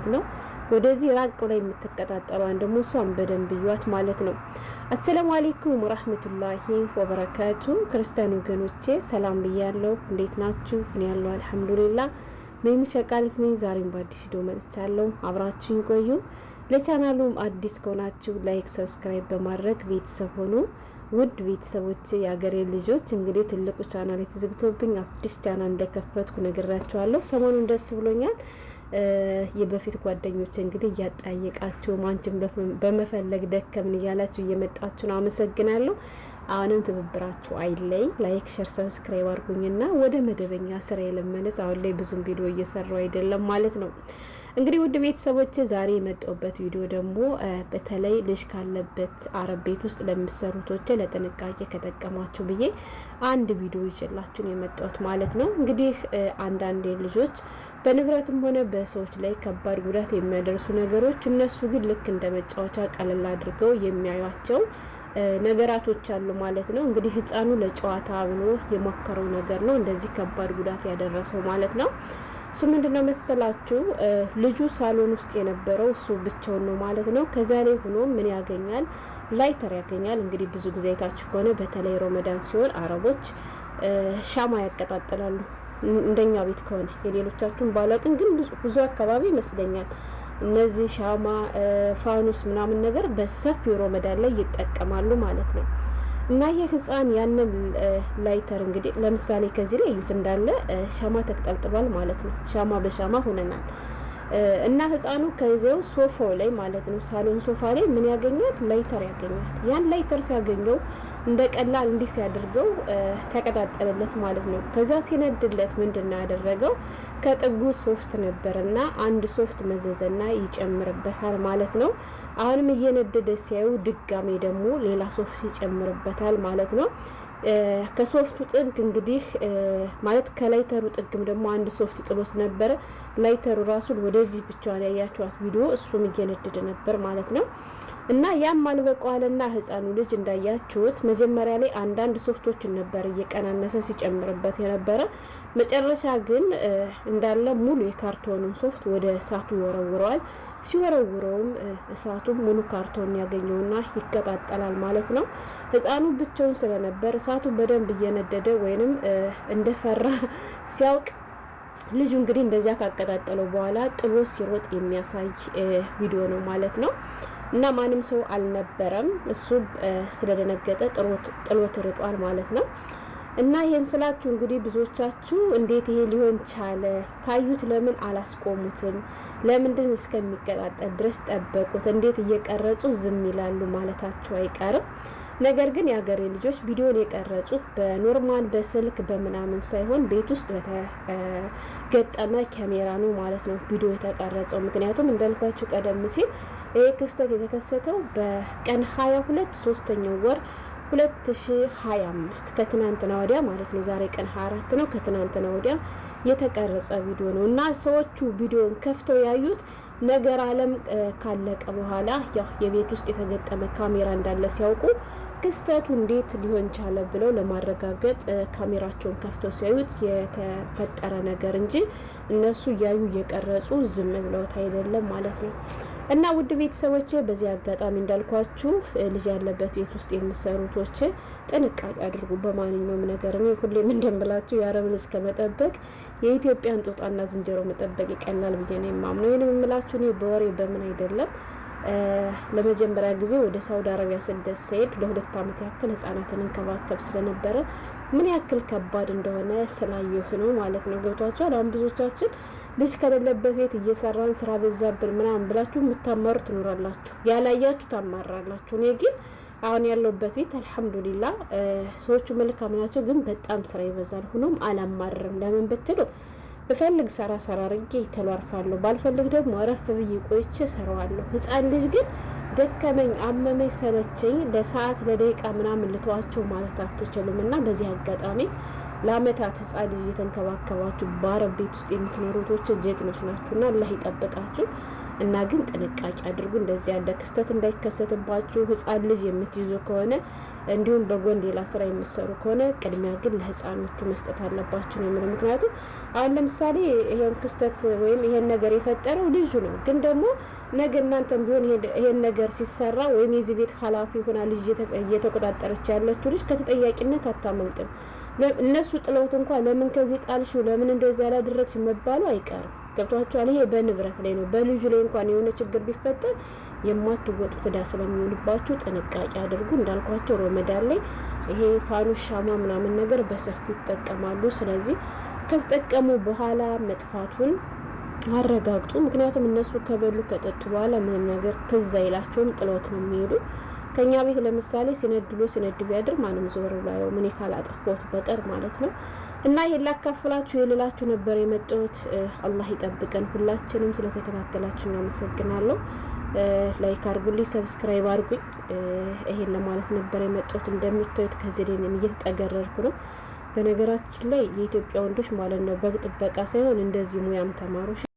ማለት ነው። ወደዚህ ራቅ ብላ የምትቀጣጠሏን ደግሞ እሷን በደንብ እዩዋት ማለት ነው። አሰላሙ አሌይኩም ረህመቱላሂ ወበረካቱ። ክርስቲያን ወገኖቼ ሰላም ብያለሁ። እንዴት ናችሁ? እኔ ያለው አልሐምዱሊላ። ሜሚ ሸቃሊት ነኝ። ዛሬም በአዲስ ዶ መጥቻለሁ። አብራችሁኝ ቆዩ። ለቻናሉም አዲስ ከሆናችሁ ላይክ፣ ሰብስክራይብ በማድረግ ቤተሰብ ሆኑ። ውድ ቤተሰቦች የአገሬ ልጆች እንግዲህ ትልቁ ቻናል የተዘግቶብኝ አዲስ ቻናል እንደከፈትኩ ነግራችኋለሁ። ሰሞኑን ደስ ብሎኛል። የበፊት ጓደኞች እንግዲህ እያጠያየቃችሁ አንቺን በመፈለግ ደከምን እያላችሁ እየመጣችሁ ነው። አመሰግናለሁ። አሁንም ትብብራችሁ አይለይ። ላይክ፣ ሸር፣ ሰብስክራይብ አድርጉኝና ወደ መደበኛ ስራ የለመለስ አሁን ላይ ብዙም ቪዲዮ እየሰራው አይደለም ማለት ነው። እንግዲህ ውድ ቤተሰቦች ዛሬ የመጣሁበት ቪዲዮ ደግሞ በተለይ ልጅ ካለበት አረብ ቤት ውስጥ ለምትሰሩቶች ለጥንቃቄ ከጠቀማችሁ ብዬ አንድ ቪዲዮ ይዤላችሁን የመጣሁት ማለት ነው። እንግዲህ አንዳንዴ ልጆች በንብረትም ሆነ በሰዎች ላይ ከባድ ጉዳት የሚያደርሱ ነገሮች እነሱ ግን ልክ እንደ መጫወቻ ቀለል አድርገው የሚያዩቸው ነገራቶች አሉ ማለት ነው። እንግዲህ ሕፃኑ ለጨዋታ ብሎ የሞከረው ነገር ነው እንደዚህ ከባድ ጉዳት ያደረሰው ማለት ነው። እሱ ምንድነው መሰላችሁ ልጁ ሳሎን ውስጥ የነበረው እሱ ብቻውን ነው ማለት ነው። ከዛ ላይ ሆኖ ምን ያገኛል? ላይተር ያገኛል። እንግዲህ ብዙ ጊዜ አይታችሁ ከሆነ በተለይ ሮመዳን ሲሆን አረቦች ሻማ ያቀጣጥላሉ። እንደኛ ቤት ከሆነ የሌሎቻችሁን ባላውቅም፣ ግን ብዙ አካባቢ ይመስለኛል እነዚህ ሻማ ፋኑስ ምናምን ነገር በሰፊው ሮመዳን ላይ ይጠቀማሉ ማለት ነው። እና ይህ ህፃን ያንን ላይተር እንግዲህ ለምሳሌ ከዚህ ላይ እዩት እንዳለ ሻማ ተቅጠልጥሏል ማለት ነው። ሻማ በሻማ ሆነናል። እና ህፃኑ ከዚያው ሶፋው ላይ ማለት ነው፣ ሳሎን ሶፋ ላይ ምን ያገኛል? ላይተር ያገኛል። ያን ላይተር ሲያገኘው እንደ ቀላል እንዲህ ሲያደርገው ተቀጣጠለለት ማለት ነው። ከዛ ሲነድለት ምንድን ነው ያደረገው? ከጥጉ ሶፍት ነበርና አንድ ሶፍት መዘዘና ይጨምርበታል ማለት ነው። አሁንም እየነደደ ሲያዩ ድጋሜ ደግሞ ሌላ ሶፍት ይጨምርበታል ማለት ነው። ከሶፍቱ ጥግ እንግዲህ ማለት ከላይተሩ ጥግም ደግሞ አንድ ሶፍት ጥሎት ነበረ። ላይተሩ ራሱን ወደዚህ ብቻዋን ያያቸዋት ቪዲዮ እሱም እየነደደ ነበር ማለት ነው። እና ያም አልበቀዋልና ህፃኑ ልጅ እንዳያችሁት መጀመሪያ ላይ አንዳንድ ሶፍቶችን ነበር እየቀናነሰ ሲጨምርበት የነበረ። መጨረሻ ግን እንዳለ ሙሉ የካርቶኑን ሶፍት ወደ እሳቱ ይወረውረዋል። ሲወረውረውም እሳቱ ሙሉ ካርቶን ያገኘውና ይቀጣጠላል ማለት ነው። ህፃኑ ብቻውን ስለነበር እሳቱ በደንብ እየነደደ ወይንም እንደፈራ ሲያውቅ ልጁ እንግዲህ እንደዚያ ካቀጣጠለው በኋላ ጥሎ ሲሮጥ የሚያሳይ ቪዲዮ ነው ማለት ነው። እና ማንም ሰው አልነበረም። እሱ ስለደነገጠ ጥሎት ርጧል ማለት ነው። እና ይሄን ስላችሁ እንግዲህ ብዙዎቻችሁ እንዴት ይሄ ሊሆን ቻለ? ካዩት ለምን አላስቆሙትም? ለምንድን እስከሚቀጣጠል ድረስ ጠበቁት? እንዴት እየቀረጹ ዝም ይላሉ ማለታችሁ አይቀርም። ነገር ግን የሀገሬ ልጆች ቪዲዮን የቀረጹት በኖርማል በስልክ በምናምን ሳይሆን ቤት ውስጥ በተገጠመ ካሜራ ነው ማለት ነው ቪዲዮ የተቀረጸው። ምክንያቱም እንዳልኳችሁ ቀደም ሲል ይህ ክስተት የተከሰተው በቀን ሁለት ሶስተኛው ወር 2025 ከትናንትና ወዲያ ማለት ነው። ዛሬ ቀን 24 ነው። ከትናንትና ወዲያ የተቀረጸ ቪዲዮ ነው እና ሰዎቹ ቪዲዮን ከፍተው ያዩት ነገር አለም ካለቀ በኋላ ያው የቤት ውስጥ የተገጠመ ካሜራ እንዳለ ሲያውቁ ክስተቱ እንዴት ሊሆን ቻለ ብለው ለማረጋገጥ ካሜራቸውን ከፍተው ሲያዩት የተፈጠረ ነገር እንጂ እነሱ እያዩ እየቀረጹ ዝም ብለውት አይደለም ማለት ነው። እና ውድ ቤተሰቦች በዚህ አጋጣሚ እንዳልኳችሁ ልጅ ያለበት ቤት ውስጥ የምሰሩቶች ጥንቃቄ አድርጉ። በማንኛውም ነገር ነው ሁሌም እንደምላችሁ የአረብን እስከ መጠበቅ የኢትዮጵያን ጦጣና ዝንጀሮ መጠበቅ ይቀላል ብዬ ነው የማምነው። ይህንም የምላችሁ እኔ በወሬ በምን አይደለም ለመጀመሪያ ጊዜ ወደ ሳውዲ አረቢያ ስደት ስሄድ ለሁለት ዓመት ያክል ህጻናትን እንከባከብ ስለነበረ ምን ያክል ከባድ እንደሆነ ስላየሁት ነው ማለት ነው። ገብቷቸዋል። አሁን ብዙዎቻችን ልጅ ከሌለበት ቤት እየሰራን ስራ በዛብን ምናምን ብላችሁ የምታማሩ ትኖራላችሁ፣ ያላያችሁ ታማራላችሁ። እኔ ግን አሁን ያለሁበት ቤት አልሐምዱሊላ ሰዎቹ መልካም ናቸው፣ ግን በጣም ስራ ይበዛል። ሆኖም አላማርም። ለምን ብትለው ብፈልግ ሰራ ሰራ ርጌ ይተሏርፋለሁ፣ ባልፈልግ ደግሞ ረፍ ብዬ ቆይቼ እሰራዋለሁ። ህፃን ልጅ ግን ደከመኝ፣ አመመኝ፣ ሰለቸኝ ለሰዓት ለደቂቃ ምናምን ልተዋቸው ማለት አትችሉም። እና በዚህ አጋጣሚ ለአመታት ህፃን ልጅ የተንከባከባችሁ በአረብ ቤት ውስጥ የምትኖሩ እህቶች ናችሁ እና አላህ ይጠብቃችሁ። እና ግን ጥንቃቄ አድርጉ፣ እንደዚህ ያለ ክስተት እንዳይከሰትባችሁ። ህፃን ልጅ የምትይዙ ከሆነ እንዲሁም በጎን ሌላ ስራ የምትሰሩ ከሆነ ቅድሚያ ግን ለህፃኖቹ መስጠት አለባችሁ ነው የምለው። ምክንያቱም አሁን ለምሳሌ ይሄን ክስተት ወይም ይሄን ነገር የፈጠረው ልጁ ነው፣ ግን ደግሞ ነገ እናንተም ቢሆን ይሄን ነገር ሲሰራ ወይም የዚህ ቤት ኃላፊ ሆና ልጅ እየተቆጣጠረች ያለችው ልጅ ከተጠያቂነት አታመልጥም። እነሱ ጥለውት እንኳ ለምን ከዚህ ጣልሽው፣ ለምን እንደዚህ ያላደረግሽ መባሉ አይቀርም። ገብቷቸዋል። ይሄ በንብረት ላይ ነው። በልጁ ላይ እንኳን የሆነ ችግር ቢፈጠር የማትወጡት ዕዳ ስለሚሆንባችሁ ጥንቃቄ አድርጉ። እንዳልኳቸው ረመዳን ላይ ይሄ ፋኑስ፣ ሻማ ምናምን ነገር በሰፊ ይጠቀማሉ። ስለዚህ ከተጠቀሙ በኋላ መጥፋቱን አረጋግጡ። ምክንያቱም እነሱ ከበሉ ከጠጡ በኋላ ምንም ነገር ትዝ አይላቸውም፣ ጥሎት ነው የሚሄዱ። ከኛ ቤት ለምሳሌ ሲነድሎ ሲነድ ቢያድር ማንም ዞር ላየው እኔ ካላጠፋሁት በቀር ማለት ነው። እና ይሄን ላካፍላችሁ የሌላችሁ ነበር የመጣሁት። አላህ ይጠብቀን ሁላችንም። ስለተከታተላችሁ አመሰግናለሁ። ላይክ አድርጉልኝ፣ ሰብስክራይብ አድርጉኝ። ይሄን ለማለት ነበር የመጣሁት። እንደምታዩት ከዚህ ላይ እየተጠገረርኩ ነው። በነገራችን ላይ የኢትዮጵያ ወንዶች ማለት ነው በግ ጥበቃ ሳይሆን እንደዚህ ሙያም ተማሩ።